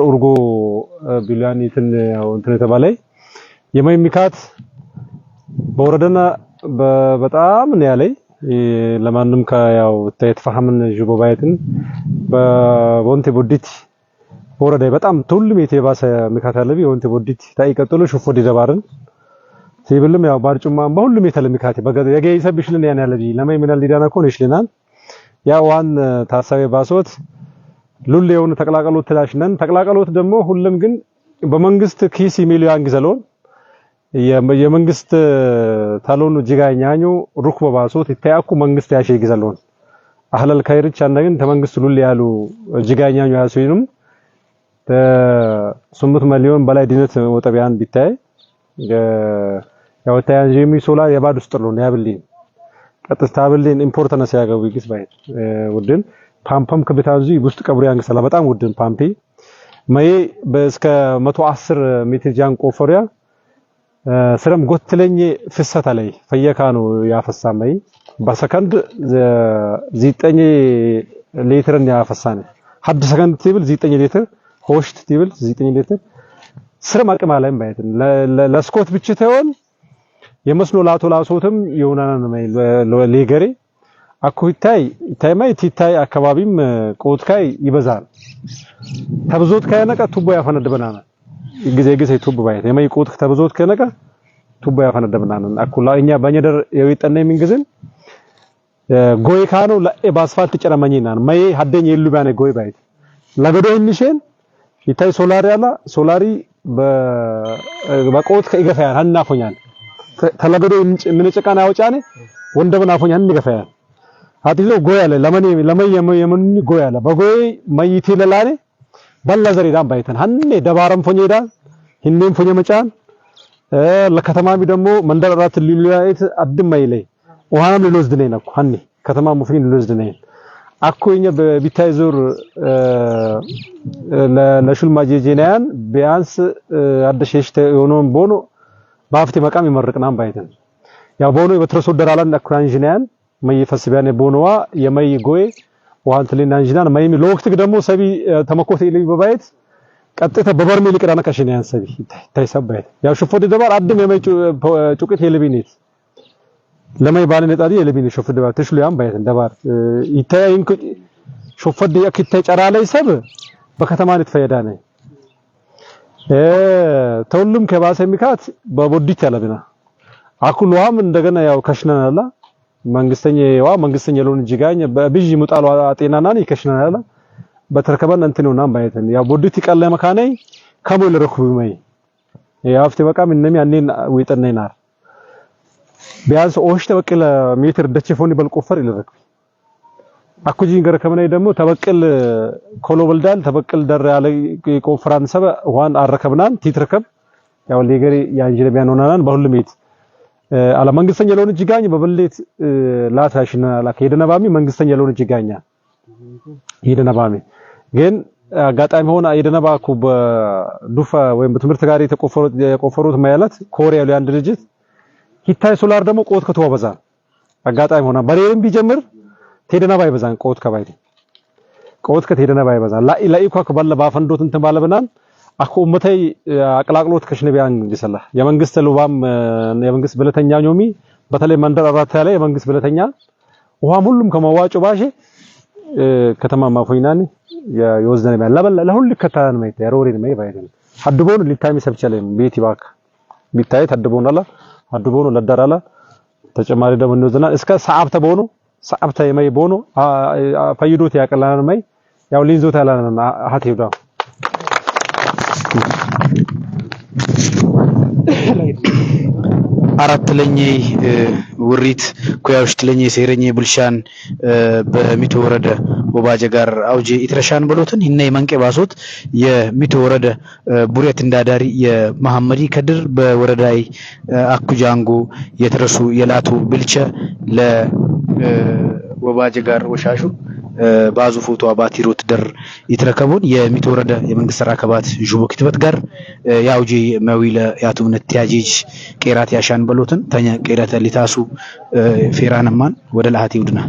ኡርጎ ቢላን ይትን ያው እንትን የተባለ የማይ ሚካት በወረደና በጣም ነው ያለ ለማንም ከያው ተይተፈሐምን ጅቦባይትን በወንቴ ቦዲት ወረደ በጣም ቱል ሁሉም የባሰ ሚካት ያለብ የወንቴ ቦዲት ቀጥሎ ሹፎ ዲዘባርን ሲብልም ያው ባርጩማን በሁሉም የተለ ሚካት የገይ ሰብሽልን ያን ያለ ቢ ለማይ ምናል ዲዳና ኮን ይሽልናል ያው ዋን ታሳቢ ባሶት ሉሌውን ተቀላቀሉት ትላሽነን ተቀላቀሉት ደግሞ ሁሉም ግን በመንግስት ኪስ ሚሊዮን ግዘሎን የመንግስት ታሎኑ ጅጋኛኙ ሩክ በባሶት ይታያኩ መንግስት ያሽ ይግዘሎን አህለል ከይርች አንደ ግን ተመንግስት ሉሌ ያሉ ጅጋኛኙ ያሱይንም ስምንት ሚሊዮን በላይ ዲነት ወጠቢያን ቢታይ ያው ታያን ጂሚ ሶላ የባድ ውስጥ ነው ያብልኝ ቀጥታ ብልኝ ኢምፖርተነስ ያገቡ ይግስ ባይ ውድን ፓምፐም ከቤታዙ ውስጥ ቀብሮ ያንገሰላ በጣም ውድን ፓምፔ መዬ በእስከ 110 ሜትር ጃንቆ ፎሪያ ስረም ጎትለኝ ፍሰት ላይ ፈየካ ነው ያፈሳ መይ በሰከንድ ዚጠኝ ሌትርን ያፈሳነ ሀድ ሰከንድ ቲብል ዚጠኝ ሌትር ሆሽት ቲብል ዚጠኝ ሌትር ስረም አቅም አላይም ባይት ለስኮት ብቻ ተሆን የመስኖ ላቶ ላሶትም የሆነና ነው ሌገሬ አኩይታይ ታይማይ ቲታይ አካባቢም ቆትካይ ይበዛል ተብዞት ከነቀ ቱቦ ያፈነድበናል ጊዜ ጊዜ ቱቦ ባይ የማይ ቆትክ ተብዞት ከነቀ ቱቦ ያፈነድበናል አኩላ እኛ በኛደር ምን የሚንግዝን ጎይ ካኑ ለባስፋልት ጨረመኝናን ማይ ሀደኝ የሉ ባኔ ጎይ ባይ ለገዶ እንሽን ይታይ ሶላሪ ያላ ሶላሪ በቆት ከይገፋያል አናፎኛል ተለገዶ ምን ጭቃና አውጫኔ ወንደብና አፎኛል እንገፋያል haati goyaale lamanii lamay yemonni goyaale bagoy mayyiti lalaane balla ዘሬዳን ባይተን ሀኔ ደባረም ፎኜዳን ሂኔም ፎኜ መጫን ለከተማም ደግሞ መንደር ራት ሊሉያይት አድማይ ላይ ውሃም ልልወስድነኝ ነኩ ሀኔ ከተማም ሙፍሪን ልልወስድነኝ አኮኛ በቢታይ ዞር ለሹል ጄጄናያን ቢያንስ አደሸሽተ የሆነውን ቦኖ ባፍቴ መቃም ይመርቅናም ባይተን ያው ቦኖ በትረሶ ደራላን አኩራንጂናያን መይ ፈስቢያኔ ቦኖዋ የመይ ጎይ ዋንት ሊና እንጂናን መይሚ ለወቅት ደግሞ ሰቢ ተመኮተ ኢሊ በባይት ቀጥታ በበርሜል ይቀዳና ከሽኔ ያን ሰቢ ታይ ሰባይት ያው ሽፎድ ደባር አድም የመይ ጩቅት የልቢኔት ለመይ ባልን የጣዲ የልቢኔ ሽፎድ ደባር ትሽሉ ያን ባይት ደባር ይታይ እንኩ ሽፎድ የክታይ ጨራ ላይ ሰብ በከተማ ነት በከተማን ይፈየዳነ ተሁሉም ከባሰ ሚካት በቦዲት ያለብና አኩሏም እንደገና ያው ከሽነናላ መንግስተኛ መንግስተኛዋ መንግስተኛ ሎን ጅጋኝ በብዥ ሙጣል አጤናናን ይከሽናል በተርከበን እንትን ነው ባይተን ያ ቦዲት ይቀለ መካነይ ከሞል ረኩብ ማይ ያ አፍቴ በቃም እነም ያኔን ወይጠነይ ናር ቢያንስ ኦሽ ተበቅል ሜትር ደቼ ፎኒ በልቆፈር ይልረክ አኩጂ ገረ ከመናይ ደግሞ ተበቅል ኮሎ ወልዳል ተበቅል ደረ ያለ ኮንፈራንስ ሰበ ዋን አረከብናን ቲትርከብ ያው ሌገሪ ያንጀለ ቢያኖናናን በሁሉም ቤት አላ መንግስተኛ ለሆነ ጅጋኝ በበሌት ላታሽና ላከ የደነባሚ መንግስተኛ ለሆነ ጅጋኛ የደነባሚ ግን አጋጣሚ ሆነ የደነባኩ በዱፈ ወይም በትምህርት ጋር የተቆፈሩት የቆፈሩት ማለት ኮሪያ ላይ አንድ ድርጅት ሂታይ ሶላር ደግሞ ቆት ከተዋ በዛ አጋጣሚ ሆነ በሬም ቢጀምር ቴደነባ ይበዛን ቆት ከባይ ቆት ከቴደነባ ይበዛ ይበዛን ላኢኳ ባለ ባፈንዶት እንትን ባለብናን አኮ ሙተይ አቅላቅሎት ከሽነቢያን ይሰላ የመንግስት ልባም የመንግስት ብለተኛ ኞሚ በተለይ መንደር አራት ያለ የመንግስት ብለተኛ ውሃም ሁሉም ከመዋጮ ባሼ ከተማ ማፎይናኒ የወዝነ ቢያን ለበላ ለሁሉ ከታን ማይታ ያሮሪን ማይ ባይደል አድቦኑ ሊታሚ ሰብቻለም ቤት ይባክ ቢታይ ተድቦኑ አላ አድቦኑ ለደራላ ተጨማሪ ደግሞ እንደዘና እስከ ሰዓብተ ቦኑ ሰዓብተ የማይ ቦኑ ፈይዶት ያቀላን ማይ ያው ሊንዞት ያላን አሃት ይብዳ አራት ለኜ ውሪት ኮያዎች ለኜ ሴረኜ ብልሻን በሚቶ ወረደ ወባጀ ጋር አውጄ ኢትረሻን ብሎትን ይና የመንቄ ባሶት የሚቶ ወረደ ቡሬት እንዳዳሪ የመሐመዲ ከድር በወረዳይ አኩጃንጎ የተረሱ የላቱ ብልቸ ለወባጀ ጋር ወሻሹ ባዙ ፎቶ አባት ሮት ደር ይትረከቡን የሚት ወረደ የመንግስት ራከባት ከባባት ክትበት ጋር ያውጂ መዊለ ያቱምነት ያጂጅ ቄራት ያሻን በሎትን ተኛ ቄራተ ሊታሱ ፌራነማን ወደ ላሃት ውድና